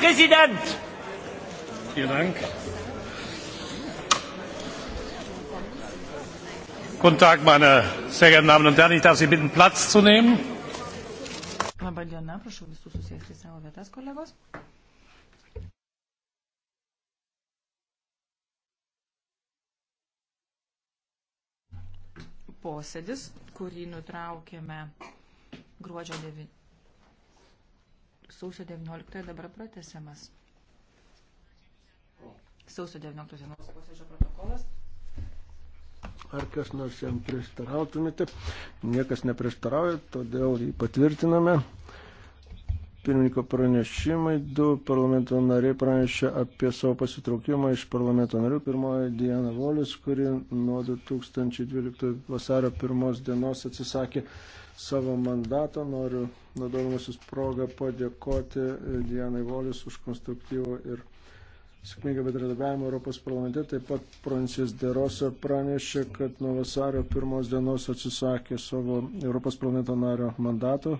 Präsident! Vielen Dank. Guten Tag, meine sehr geehrten Damen und Herren. Ich darf Sie bitten, Platz zu nehmen. Labą dieną, prašau visus susėsti savo vietas, kolegos. Posėdis, kurį nutraukėme gruodžio 9 sausio 19 dabar pratesiamas. Sausio 19 dienos posėdžio protokolas. Ar kas nors jam prieštarautumėte? Niekas neprieštarauja, todėl jį patvirtiname pirmininko pranešimai. Du parlamento nariai pranešė apie savo pasitraukimą iš parlamento narių. Pirmoji Diana Volis, kuri nuo 2012 vasario pirmos dienos atsisakė savo mandato. Noriu, naudodamasis progą, padėkoti Dianai Volis už konstruktyvų ir sėkmingą bendradarbiavimą Europos parlamente. Taip pat Prancis Derosa pranešė, kad nuo vasario pirmos dienos atsisakė savo Europos parlamento nario mandato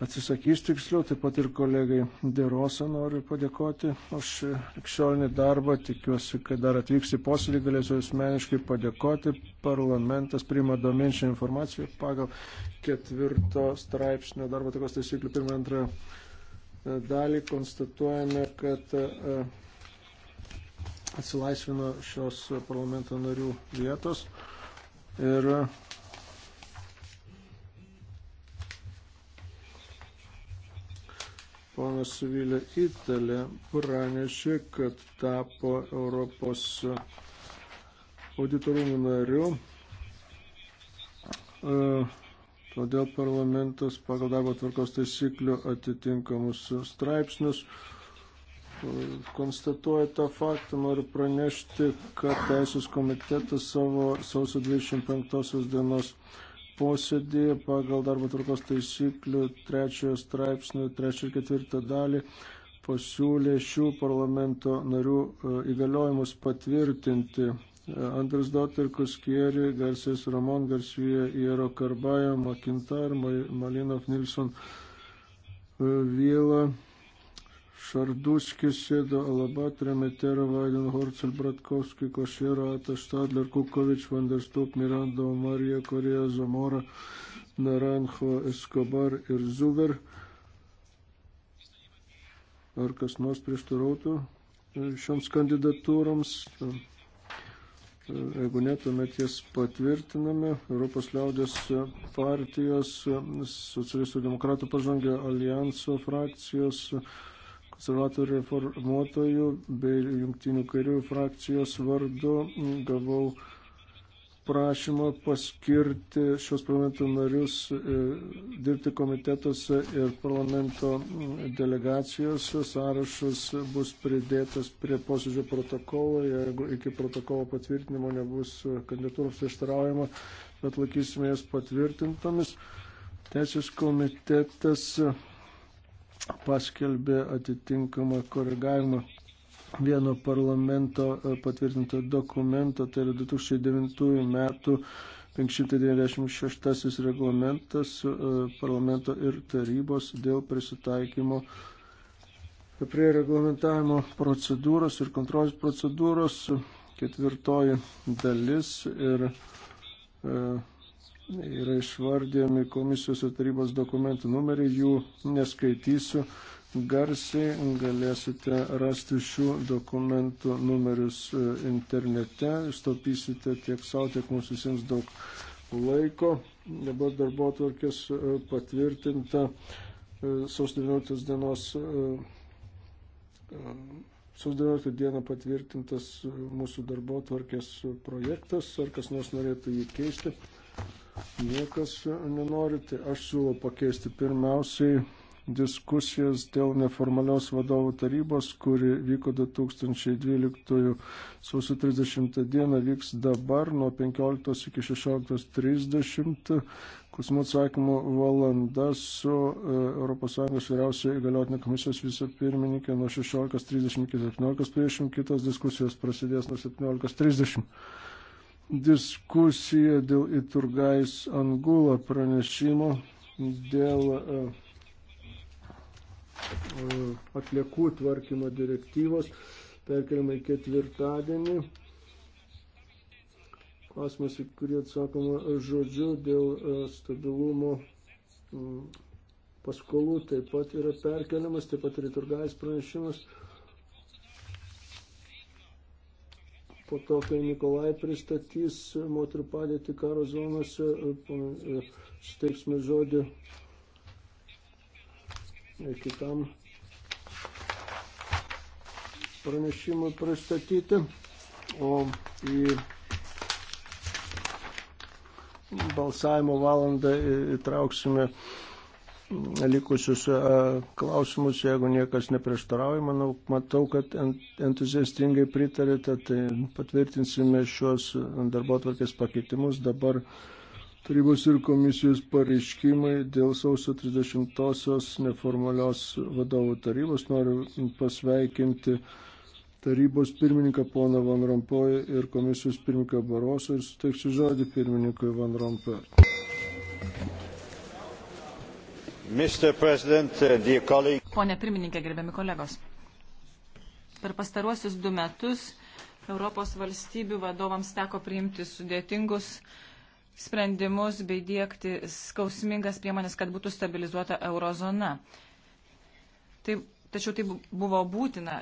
atsisakys tiksliau, taip pat ir kolegai Derosą noriu padėkoti už likščiolinį darbą, tikiuosi, kad dar atvyks į posėdį, galėsiu asmeniškai padėkoti. Parlamentas priima domenčią informaciją pagal ketvirto straipsnio darbo tokios taisyklių pirmą antrą dalį konstatuojame, kad e, atsilaisvino šios parlamento narių vietos ir ponas Vilė Italė pranešė, kad tapo Europos auditorumų nariu. E, todėl parlamentas pagal darbo tvarkos taisyklių atitinkamus straipsnius e, konstatuoja tą faktą, noriu pranešti, kad Teisės komitetas savo sausio 25 dienos posėdėje pagal darbo tvarkos taisyklių trečiojo straipsnio trečią ir ketvirtą dalį pasiūlė šių parlamento narių e, įgaliojimus patvirtinti. E, Andras Dotirkus Kieri, Garcijas Ramon, Garcija Iero Karbaja, Makintar, Malinov Nilsson, e, Vyla. Šarduškis, Sėdo, Alabat, Remetero, Vaiden, Horcel, Bratkovski, Košero, Atas, Stadler, Kukovič, Vanderstup, Miranda, Marija, Korėja, Zamora, Naranjo, Escobar ir Zuber. Ar kas nors prieštarautų e, šioms kandidatūroms? E, jeigu ne, tuomet jas patvirtiname. Europos liaudės partijos, e, socialistų demokratų pažangio alijanso frakcijos konservatorių reformuotojų bei jungtinių kairiųjų frakcijos vardu gavau prašymą paskirti šios parlamento narius e, dirbti komitetuose ir parlamento delegacijose. Sąrašas bus pridėtas prie posėdžio protokolo, jeigu iki protokolo patvirtinimo nebus kandidatūros prieštaraujama, bet laikysime jas patvirtintomis. Teisės komitetas paskelbė atitinkamą koregavimą vieno parlamento e, patvirtinto dokumento, tai yra 2009 metų 596 reglamentas e, parlamento ir tarybos dėl prisitaikymo prie reglamentavimo procedūros ir kontrolės procedūros ketvirtoji dalis ir e, yra išvardėmi komisijos ir tarybos dokumentų numeriai, jų neskaitysiu. Garsiai galėsite rasti šių dokumentų numerius e, internete, ištopysite tiek savo, tiek mums visiems daug laiko. Dabar darbo atvarkės e, patvirtinta e, saus 19 dienos saus 19 dieną patvirtintas mūsų darbo tvarkės projektas, ar kas nors norėtų jį keisti niekas nenori, tai aš siūlau pakeisti pirmiausiai diskusijas dėl neformalios vadovų tarybos, kuri vyko 2012 sausio 30 dieną, vyks dabar nuo 15 iki 16.30. Klausimų atsakymų valanda su ES vyriausioje įgaliotinė komisijos vicepirmininkė nuo 16.30 iki 17.30, kitos diskusijos prasidės nuo 17.30 diskusiją dėl Iturgais Angulo pranešimo dėl e, e, atliekų tvarkymo direktyvos perkeliamai ketvirtadienį. Klausimas, į kurį atsakoma žodžiu dėl e, stabilumo paskolų taip pat yra perkeliamas, taip pat ir turgais pranešimas po to, kai Nikolai pristatys moterų padėtį karo zonose, e, suteiksime žodį e, kitam pranešimui pristatyti, o į balsavimo valandą įtrauksime likusius e, klausimus, jeigu niekas neprieštarauja, manau, matau, kad entuziastingai pritarėte, tai patvirtinsime šios darbo atvarkės pakeitimus. Dabar tarybos ir komisijos pareiškimai dėl sausio 30-osios neformalios vadovų tarybos. Noriu pasveikinti tarybos pirmininką poną Van Rompojų ir komisijos pirmininką Barosą ir suteiksiu žodį pirmininkui Van Rompojui. Uh, Pone pirmininkė, gerbiami kolegos. Per pastaruosius du metus Europos valstybių vadovams teko priimti sudėtingus sprendimus bei dėkti skausmingas priemonės, kad būtų stabilizuota eurozona. Tai, tačiau tai buvo būtina